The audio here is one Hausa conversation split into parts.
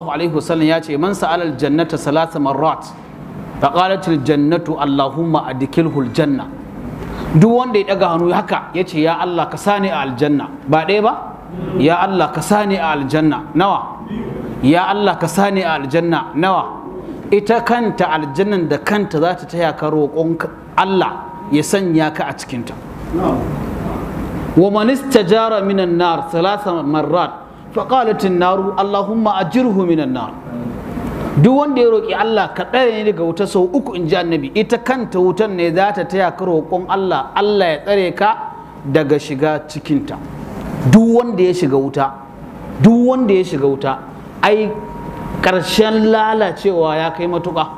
alaihi wasallam ya ce man sa'ala aljannata salasa marrat faqalat aljannatu allahumma adkhilhu aljanna duk wanda ya daga hannu haka yace ya Allah ka sani a aljanna ba ɗaya ba ya Allah ka sani a aljanna nawa ya Allah ka sani a aljanna nawa ita kanta aljannan da kanta zata taya ka roƙon Allah ya sanya ka a cikinta wa man istajara minan nar salasa marrat faƙalatin naru Allahumma ajirhu minan nar duk wanda ya roki Allah ka tsare ne daga wuta sau uku in ji annabi ita kanta wutan ne za ta taya ka roƙon Allah Allah ya tsare ka daga shiga cikinta duk wanda ya shiga wuta duk wanda ya shiga wuta ai ƙarshen lalacewa ya kai matuƙa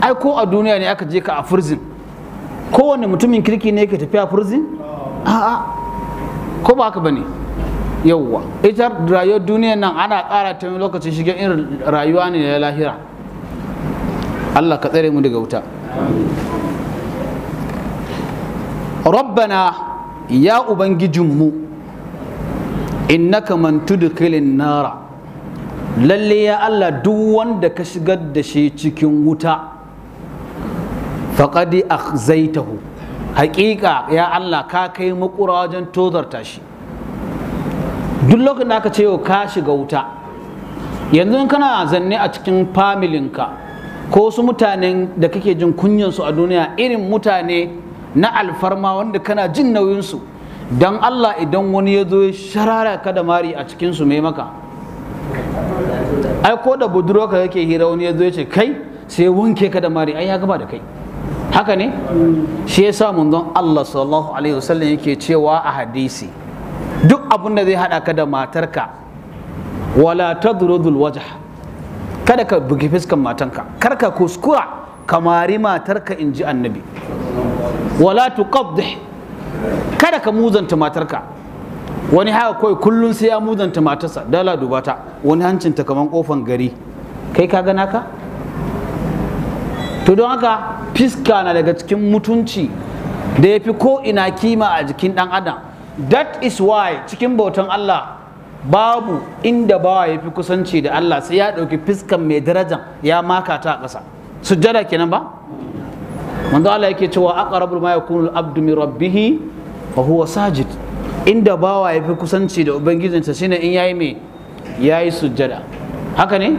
ai ko a duniya ne aka je ka a furzin kowane mutumin kirki ne ke tafiya furzin a'a ko ba haka bane yawwa ita rayuwar duniyar nan ana ƙara ta lokacin shiga irin rayuwa ne na lahira Allah ka tsare mu daga wuta rabbana ya ubangijinmu innaka da tudkhilin nara lalle ya Allah duk wanda ka shigar da shi cikin wuta faqad akhzaytahu haƙiƙa ya Allah ka kai makura wajen tozarta shi duk lokacin da aka ce yau ka shiga wuta yanzu kana zanne a cikin familinka ko wasu mutanen da kake jin kunyansu a duniya irin mutane na alfarma wanda kana jin nauyinsu don Allah idan wani ya zo ya sharara ka da mari a cikinsu mai maka ai ko da budurwa yake hira wani ya zo ya ce kai sai wanke ka da mari ai ya gaba da kai haka ne shi yasa mun don Allah sallallahu alaihi wasallam yake cewa a hadisi duk abun da zai haɗa ka da matarka wala tadrudul wajh kada ka bugi fiskan matanka kar ka kuskura kamari matarka in ji annabi wala tuqaddih kada ka muzanta matarka wani haka kawai kullum sai ya muzanta matarsa dala dubata wani hancinta kaman kofan gari kai ka gana ka to don haka fiska na daga cikin mutunci da ya fi ko ina kima a jikin dan adam that is why cikin bautan Allah babu inda bawa ya fi kusanci da Allah sai ya ɗauki fiskan mai darajan ya maka ta ƙasa sujjada kenan ba manzo Allah yake cewa aqrabu ma yakunu al-abdu min rabbih fa huwa sajid inda bawa ya fi kusanci da ubangijinsa shine in yayi me yayi sujjada haka ne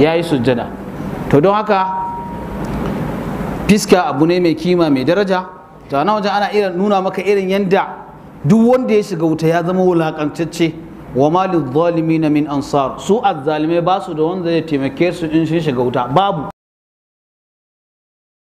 yayi sujjada to don haka fiska abu ne mai kima mai daraja to nan wajen ana iya nuna maka irin yanda duk wanda ya shiga wuta ya zama wulakantacce wa malin zalimi na min ansar su azzalimai ba su da wanda ya taimake su in sun shiga wuta babu